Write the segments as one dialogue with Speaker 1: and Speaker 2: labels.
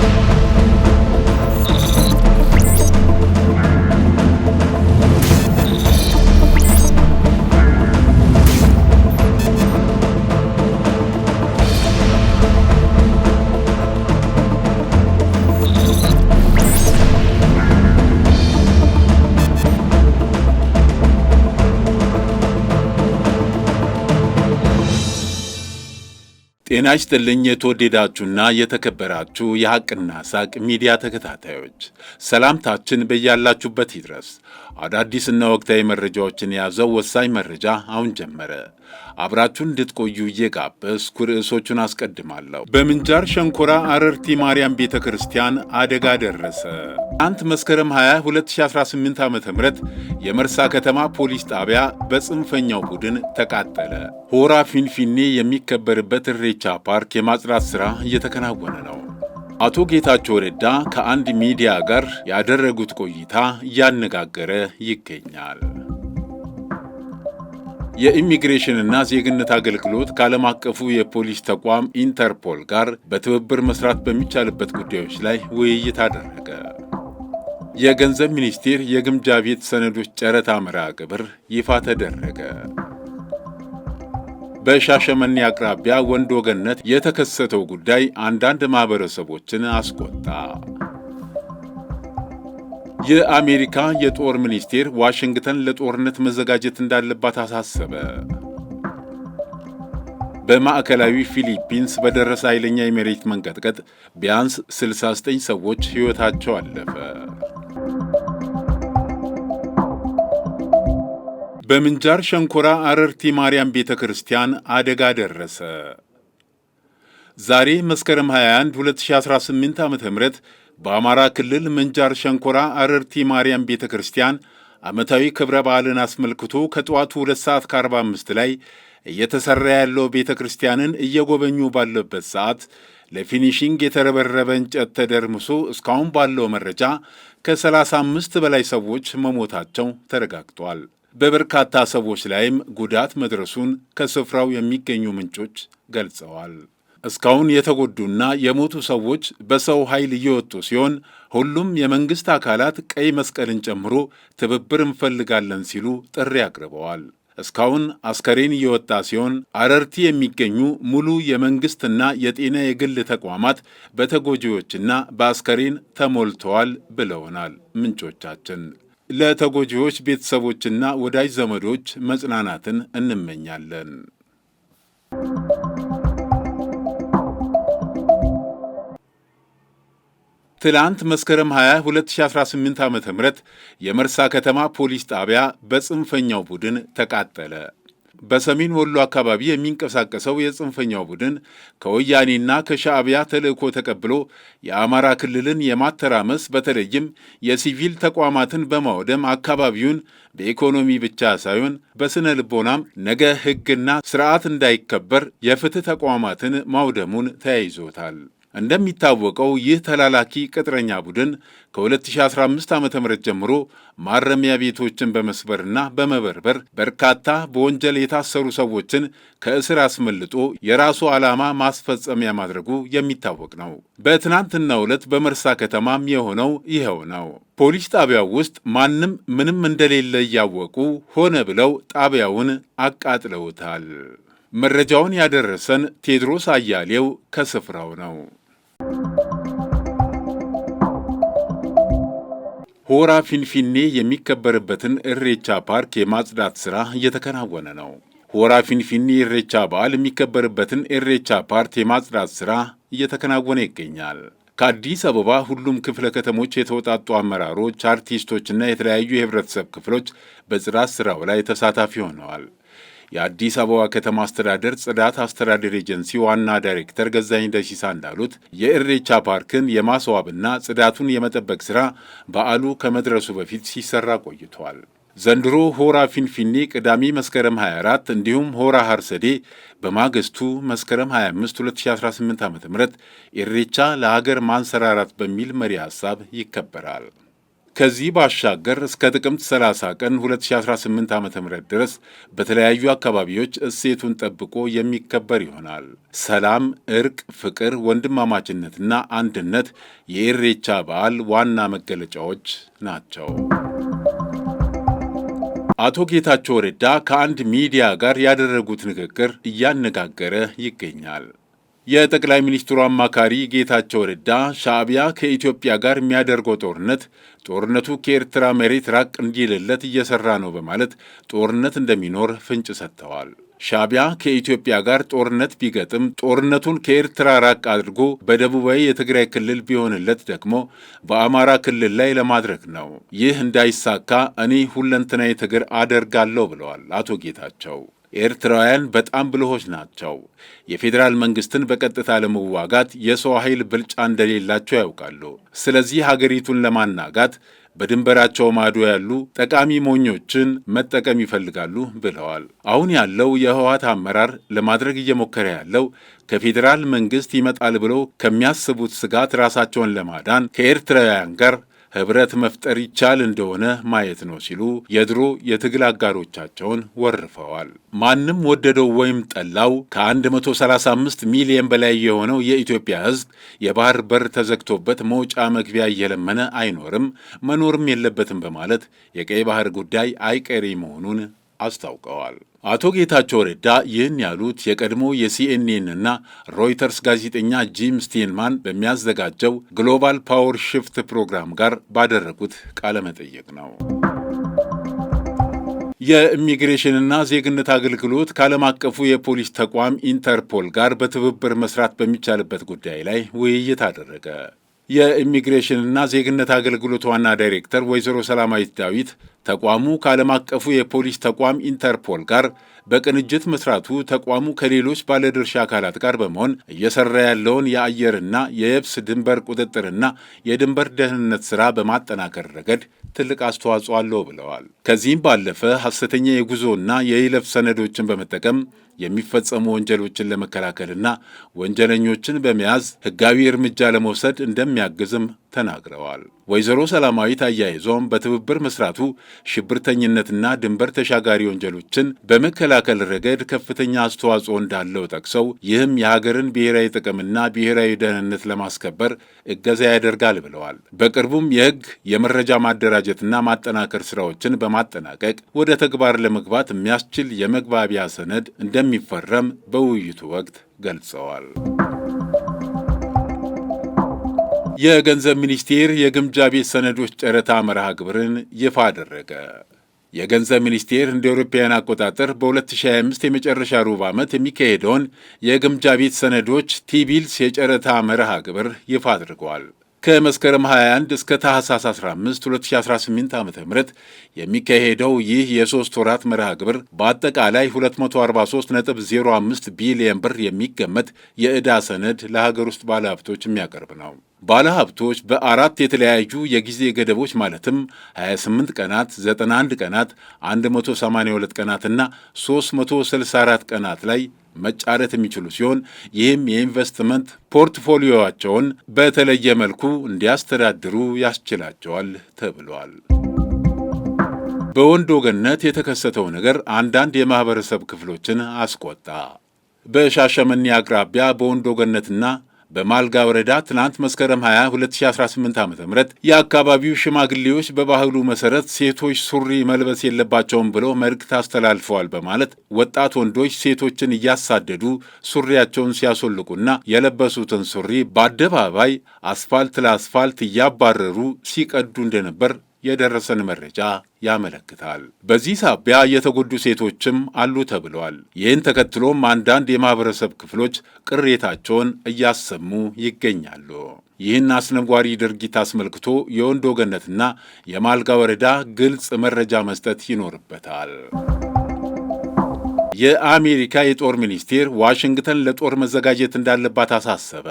Speaker 1: Thank you. ጤና ይስጥልኝ የተወደዳችሁና የተከበራችሁ የሐቅና ሳቅ ሚዲያ ተከታታዮች፣ ሰላምታችን በያላችሁበት ይድረስ። አዳዲስና ወቅታዊ መረጃዎችን የያዘው ወሳኝ መረጃ አሁን ጀመረ። አብራችሁን እንድትቆዩ እየጋበዝኩ ርዕሶቹን አስቀድማለሁ። በምንጃር ሸንኮራ አረርቲ ማርያም ቤተ ክርስቲያን አደጋ ደረሰ። አንት መስከረም 20 2018 ዓ ም የመርሳ ከተማ ፖሊስ ጣቢያ በጽንፈኛው ቡድን ተቃጠለ። ሆራ ፊንፊኔ የሚከበርበት እሬቻ ፓርክ የማጽዳት ሥራ እየተከናወነ ነው። አቶ ጌታቸው ረዳ ከአንድ ሚዲያ ጋር ያደረጉት ቆይታ እያነጋገረ ይገኛል። የኢሚግሬሽንና ዜግነት አገልግሎት ከዓለም አቀፉ የፖሊስ ተቋም ኢንተርፖል ጋር በትብብር መስራት በሚቻልበት ጉዳዮች ላይ ውይይት አደረገ። የገንዘብ ሚኒስቴር የግምጃ ቤት ሰነዶች ጨረታ መርሃ ግብር ይፋ ተደረገ። በሻሸመኔ አቅራቢያ ወንድ ወገነት የተከሰተው ጉዳይ አንዳንድ ማህበረሰቦችን አስቆጣ። የአሜሪካ የጦር ሚኒስቴር ዋሽንግተን ለጦርነት መዘጋጀት እንዳለባት አሳሰበ። በማዕከላዊ ፊሊፒንስ በደረሰ ኃይለኛ የመሬት መንቀጥቀጥ ቢያንስ 69 ሰዎች ሕይወታቸው አለፈ። በምንጃር ሸንኮራ አረርቲ ማርያም ቤተ ክርስቲያን አደጋ ደረሰ። ዛሬ መስከረም 21 2018 ዓ ም በአማራ ክልል ምንጃር ሸንኮራ አረርቲ ማርያም ቤተ ክርስቲያን ዓመታዊ ክብረ በዓልን አስመልክቶ ከጠዋቱ 2 ሰዓት ከ45 ላይ እየተሠራ ያለው ቤተ ክርስቲያንን እየጎበኙ ባለበት ሰዓት ለፊኒሺንግ የተረበረበ እንጨት ተደርምሶ እስካሁን ባለው መረጃ ከ35 በላይ ሰዎች መሞታቸው ተረጋግጧል። በበርካታ ሰዎች ላይም ጉዳት መድረሱን ከስፍራው የሚገኙ ምንጮች ገልጸዋል። እስካሁን የተጎዱና የሞቱ ሰዎች በሰው ኃይል እየወጡ ሲሆን ሁሉም የመንግሥት አካላት ቀይ መስቀልን ጨምሮ ትብብር እንፈልጋለን ሲሉ ጥሪ አቅርበዋል። እስካሁን አስከሬን እየወጣ ሲሆን አረርቲ የሚገኙ ሙሉ የመንግሥትና የጤና የግል ተቋማት በተጎጂዎችና በአስከሬን ተሞልተዋል ብለውናል ምንጮቻችን። ለተጎጂዎች ቤተሰቦችና ወዳጅ ዘመዶች መጽናናትን እንመኛለን። ትላንት መስከረም 20 2018 ዓ ም የመርሳ ከተማ ፖሊስ ጣቢያ በጽንፈኛው ቡድን ተቃጠለ። በሰሜን ወሎ አካባቢ የሚንቀሳቀሰው የጽንፈኛው ቡድን ከወያኔና ከሻዕቢያ ተልዕኮ ተቀብሎ የአማራ ክልልን የማተራመስ በተለይም የሲቪል ተቋማትን በማውደም አካባቢውን በኢኮኖሚ ብቻ ሳይሆን በስነ ልቦናም ነገ ሕግና ስርዓት እንዳይከበር የፍትህ ተቋማትን ማውደሙን ተያይዞታል። እንደሚታወቀው ይህ ተላላኪ ቅጥረኛ ቡድን ከ2015 ዓ ም ጀምሮ ማረሚያ ቤቶችን በመስበርና በመበርበር በርካታ በወንጀል የታሰሩ ሰዎችን ከእስር አስመልጦ የራሱ ዓላማ ማስፈጸሚያ ማድረጉ የሚታወቅ ነው። በትናንትናው ዕለት በመርሳ ከተማም የሆነው ይኸው ነው። ፖሊስ ጣቢያው ውስጥ ማንም ምንም እንደሌለ እያወቁ ሆነ ብለው ጣቢያውን አቃጥለውታል። መረጃውን ያደረሰን ቴድሮስ አያሌው ከስፍራው ነው። ሆራ ፊንፊኔ የሚከበርበትን እሬቻ ፓርክ የማጽዳት ሥራ እየተከናወነ ነው። ሆራ ፊንፊኔ እሬቻ በዓል የሚከበርበትን እሬቻ ፓርክ የማጽዳት ሥራ እየተከናወነ ይገኛል። ከአዲስ አበባ ሁሉም ክፍለ ከተሞች የተውጣጡ አመራሮች፣ አርቲስቶችና የተለያዩ የህብረተሰብ ክፍሎች በጽዳት ሥራው ላይ ተሳታፊ ሆነዋል። የአዲስ አበባ ከተማ አስተዳደር ጽዳት አስተዳደር ኤጀንሲ ዋና ዳይሬክተር ገዛኝ ደሺሳ እንዳሉት የእሬቻ ፓርክን የማስዋብና ጽዳቱን የመጠበቅ ስራ በዓሉ ከመድረሱ በፊት ሲሰራ ቆይቷል። ዘንድሮ ሆራ ፊንፊኔ ቅዳሜ መስከረም 24 እንዲሁም ሆራ ሐርሰዴ በማግስቱ መስከረም 25 2018 ዓ ም ኢሬቻ ለሀገር ማንሰራራት በሚል መሪ ሐሳብ ይከበራል። ከዚህ ባሻገር እስከ ጥቅምት 30 ቀን 2018 ዓ ም ድረስ በተለያዩ አካባቢዎች እሴቱን ጠብቆ የሚከበር ይሆናል። ሰላም፣ እርቅ፣ ፍቅር፣ ወንድማማችነትና አንድነት የኢሬቻ በዓል ዋና መገለጫዎች ናቸው። አቶ ጌታቸው ረዳ ከአንድ ሚዲያ ጋር ያደረጉት ንግግር እያነጋገረ ይገኛል። የጠቅላይ ሚኒስትሩ አማካሪ ጌታቸው ረዳ ሻዕቢያ ከኢትዮጵያ ጋር የሚያደርገው ጦርነት ጦርነቱ ከኤርትራ መሬት ራቅ እንዲልለት እየሰራ ነው በማለት ጦርነት እንደሚኖር ፍንጭ ሰጥተዋል። ሻዕቢያ ከኢትዮጵያ ጋር ጦርነት ቢገጥም ጦርነቱን ከኤርትራ ራቅ አድርጎ በደቡባዊ የትግራይ ክልል ቢሆንለት ደግሞ በአማራ ክልል ላይ ለማድረግ ነው። ይህ እንዳይሳካ እኔ ሁለንትና የትግር አደርጋለሁ ብለዋል አቶ ጌታቸው ኤርትራውያን በጣም ብልሆች ናቸው። የፌዴራል መንግስትን በቀጥታ ለመዋጋት የሰው ኃይል ብልጫ እንደሌላቸው ያውቃሉ። ስለዚህ ሀገሪቱን ለማናጋት በድንበራቸው ማዶ ያሉ ጠቃሚ ሞኞችን መጠቀም ይፈልጋሉ ብለዋል። አሁን ያለው የህወሓት አመራር ለማድረግ እየሞከረ ያለው ከፌዴራል መንግስት ይመጣል ብለው ከሚያስቡት ስጋት ራሳቸውን ለማዳን ከኤርትራውያን ጋር ህብረት መፍጠር ይቻል እንደሆነ ማየት ነው ሲሉ የድሮ የትግል አጋሮቻቸውን ወርፈዋል። ማንም ወደደው ወይም ጠላው ከ135 ሚሊየን በላይ የሆነው የኢትዮጵያ ህዝብ የባህር በር ተዘግቶበት መውጫ መግቢያ እየለመነ አይኖርም፣ መኖርም የለበትም በማለት የቀይ ባህር ጉዳይ አይቀሬ መሆኑን አስታውቀዋል። አቶ ጌታቸው ረዳ ይህን ያሉት የቀድሞ የሲኤንኤን ና ሮይተርስ ጋዜጠኛ ጂም ስቴንማን በሚያዘጋጀው ግሎባል ፓወር ሽፍት ፕሮግራም ጋር ባደረጉት ቃለመጠየቅ ነው። የኢሚግሬሽንና ዜግነት አገልግሎት ከዓለም አቀፉ የፖሊስ ተቋም ኢንተርፖል ጋር በትብብር መስራት በሚቻልበት ጉዳይ ላይ ውይይት አደረገ። የኢሚግሬሽንና ዜግነት አገልግሎት ዋና ዳይሬክተር ወይዘሮ ሰላማዊት ዳዊት ተቋሙ ከዓለም አቀፉ የፖሊስ ተቋም ኢንተርፖል ጋር በቅንጅት መስራቱ ተቋሙ ከሌሎች ባለድርሻ አካላት ጋር በመሆን እየሰራ ያለውን የአየርና የየብስ ድንበር ቁጥጥርና የድንበር ደህንነት ስራ በማጠናከር ረገድ ትልቅ አስተዋጽኦ አለው ብለዋል። ከዚህም ባለፈ ሐሰተኛ የጉዞና የይለፍ ሰነዶችን በመጠቀም የሚፈጸሙ ወንጀሎችን ለመከላከልና ወንጀለኞችን በመያዝ ሕጋዊ እርምጃ ለመውሰድ እንደሚያግዝም ተናግረዋል። ወይዘሮ ሰላማዊት አያይዞም በትብብር መስራቱ ሽብርተኝነትና ድንበር ተሻጋሪ ወንጀሎችን በመከላከል ረገድ ከፍተኛ አስተዋጽኦ እንዳለው ጠቅሰው ይህም የሀገርን ብሔራዊ ጥቅምና ብሔራዊ ደህንነት ለማስከበር እገዛ ያደርጋል ብለዋል። በቅርቡም የህግ የመረጃ ማደራጀትና ማጠናከር ስራዎችን በማጠናቀቅ ወደ ተግባር ለመግባት የሚያስችል የመግባቢያ ሰነድ እንደሚ እንደሚፈረም በውይይቱ ወቅት ገልጸዋል። የገንዘብ ሚኒስቴር የግምጃ ቤት ሰነዶች ጨረታ መርሃ ግብርን ይፋ አደረገ። የገንዘብ ሚኒስቴር እንደ አውሮፓውያን አቆጣጠር በ2025 የመጨረሻ ሩብ ዓመት የሚካሄደውን የግምጃ ቤት ሰነዶች ቲቢልስ የጨረታ መርሃ ግብር ይፋ አድርጓል። ከመስከረም 21 እስከ ታህሳስ 15 2018 ዓ ም የሚካሄደው ይህ የሦስት ወራት መርሃ ግብር በአጠቃላይ 243.05 ቢሊየን ብር የሚገመት የዕዳ ሰነድ ለሀገር ውስጥ ባለሀብቶች የሚያቀርብ ነው። ባለሀብቶች በአራት የተለያዩ የጊዜ ገደቦች ማለትም 28 ቀናት፣ 91 ቀናት፣ 182 ቀናትና 364 ቀናት ላይ መጫረት የሚችሉ ሲሆን ይህም የኢንቨስትመንት ፖርትፎሊዮቸውን በተለየ መልኩ እንዲያስተዳድሩ ያስችላቸዋል ተብሏል። በወንዶ ገነት የተከሰተው ነገር አንዳንድ የማኅበረሰብ ክፍሎችን አስቆጣ። በሻሸመኔ አቅራቢያ በወንዶ ገነትና በማልጋ ወረዳ ትናንት መስከረም 20 2018 ዓ ም የአካባቢው ሽማግሌዎች በባህሉ መሰረት ሴቶች ሱሪ መልበስ የለባቸውም ብለው መልእክት አስተላልፈዋል በማለት ወጣት ወንዶች ሴቶችን እያሳደዱ ሱሪያቸውን ሲያስወልቁና የለበሱትን ሱሪ በአደባባይ አስፋልት ለአስፋልት እያባረሩ ሲቀዱ እንደነበር የደረሰን መረጃ ያመለክታል። በዚህ ሳቢያ የተጎዱ ሴቶችም አሉ ተብሏል ይህን ተከትሎም አንዳንድ የማህበረሰብ ክፍሎች ቅሬታቸውን እያሰሙ ይገኛሉ። ይህን አስነጓሪ ድርጊት አስመልክቶ የወንዶ ገነትና የማልጋ ወረዳ ግልጽ መረጃ መስጠት ይኖርበታል። የአሜሪካ የጦር ሚኒስቴር ዋሽንግተን ለጦር መዘጋጀት እንዳለባት አሳሰበ።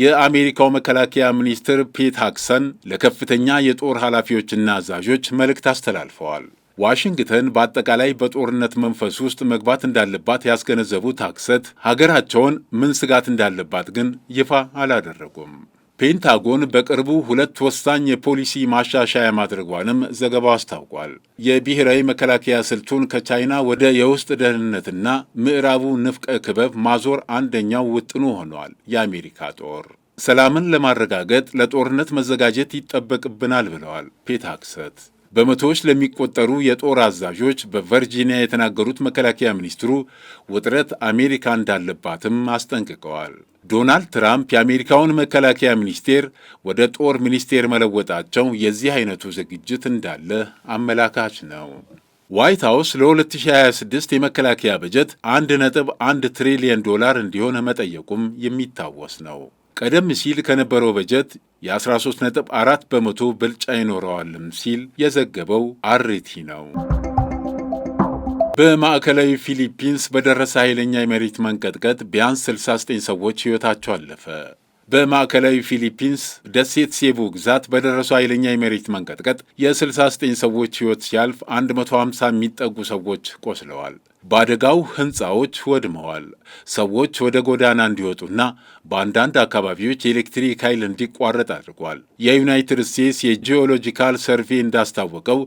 Speaker 1: የአሜሪካው መከላከያ ሚኒስትር ፔት ሃክሰን ለከፍተኛ የጦር ኃላፊዎችና አዛዦች መልእክት አስተላልፈዋል። ዋሽንግተን በአጠቃላይ በጦርነት መንፈስ ውስጥ መግባት እንዳለባት ያስገነዘቡት ሃክሰት ሀገራቸውን ምን ስጋት እንዳለባት ግን ይፋ አላደረጉም። ፔንታጎን በቅርቡ ሁለት ወሳኝ የፖሊሲ ማሻሻያ ማድረጓንም ዘገባው አስታውቋል። የብሔራዊ መከላከያ ስልቱን ከቻይና ወደ የውስጥ ደህንነትና ምዕራቡ ንፍቀ ክበብ ማዞር አንደኛው ውጥኑ ሆኗል። የአሜሪካ ጦር ሰላምን ለማረጋገጥ ለጦርነት መዘጋጀት ይጠበቅብናል ብለዋል ፔታክሰት። በመቶዎች ለሚቆጠሩ የጦር አዛዦች በቨርጂኒያ የተናገሩት መከላከያ ሚኒስትሩ ውጥረት አሜሪካ እንዳለባትም አስጠንቅቀዋል። ዶናልድ ትራምፕ የአሜሪካውን መከላከያ ሚኒስቴር ወደ ጦር ሚኒስቴር መለወጣቸው የዚህ አይነቱ ዝግጅት እንዳለ አመላካች ነው። ዋይት ሀውስ ለ2026 የመከላከያ በጀት 1.1 ትሪሊየን ዶላር እንዲሆን መጠየቁም የሚታወስ ነው። ቀደም ሲል ከነበረው በጀት የ13.4 በመቶ ብልጫ ይኖረዋልም ሲል የዘገበው አርቲ ነው። በማዕከላዊ ፊሊፒንስ በደረሰ ኃይለኛ የመሬት መንቀጥቀጥ ቢያንስ 69 ሰዎች ሕይወታቸው አለፈ። በማዕከላዊ ፊሊፒንስ ደሴት ሴቡ ግዛት በደረሰው ኃይለኛ የመሬት መንቀጥቀጥ የ69 ሰዎች ሕይወት ሲያልፍ 150 የሚጠጉ ሰዎች ቆስለዋል። በአደጋው ህንፃዎች ወድመዋል። ሰዎች ወደ ጎዳና እንዲወጡና በአንዳንድ አካባቢዎች የኤሌክትሪክ ኃይል እንዲቋረጥ አድርጓል። የዩናይትድ ስቴትስ የጂኦሎጂካል ሰርቬ እንዳስታወቀው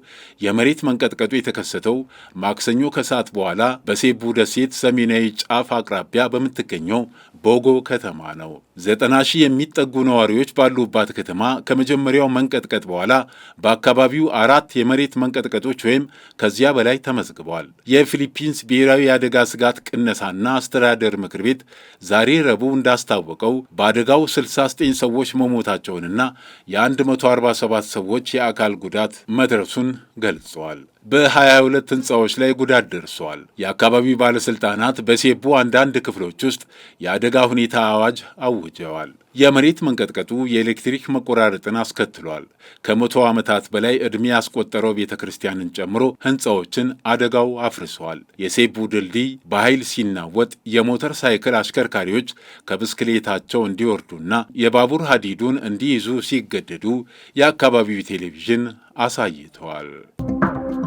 Speaker 1: የመሬት መንቀጥቀጡ የተከሰተው ማክሰኞ ከሰዓት በኋላ በሴቡ ደሴት ሰሜናዊ ጫፍ አቅራቢያ በምትገኘው ቦጎ ከተማ ነው። ዘጠና ሺህ የሚጠጉ ነዋሪዎች ባሉባት ከተማ ከመጀመሪያው መንቀጥቀጥ በኋላ በአካባቢው አራት የመሬት መንቀጥቀጦች ወይም ከዚያ በላይ ተመዝግበዋል። የፊሊፒንስ ብሔራዊ የአደጋ ስጋት ቅነሳና አስተዳደር ምክር ቤት ዛሬ ረቡዕ እንዳስታወቀው በአደጋው 69 ሰዎች መሞታቸውንና የ147 ሰዎች የአካል ጉዳት መድረሱን ገልጸዋል። በ22 ህንፃዎች ላይ ጉዳት ደርሷል። የአካባቢው ባለሥልጣናት በሴቡ አንዳንድ ክፍሎች ውስጥ የአደጋ ሁኔታ አዋጅ አውጀዋል። የመሬት መንቀጥቀጡ የኤሌክትሪክ መቆራረጥን አስከትሏል። ከመቶ ዓመታት በላይ ዕድሜ ያስቆጠረው ቤተ ክርስቲያንን ጨምሮ ህንፃዎችን አደጋው አፍርሷል። የሴቡ ድልድይ በኃይል ሲናወጥ የሞተር ሳይክል አሽከርካሪዎች ከብስክሌታቸው እንዲወርዱና የባቡር ሀዲዱን እንዲይዙ ሲገደዱ የአካባቢው ቴሌቪዥን አሳይተዋል።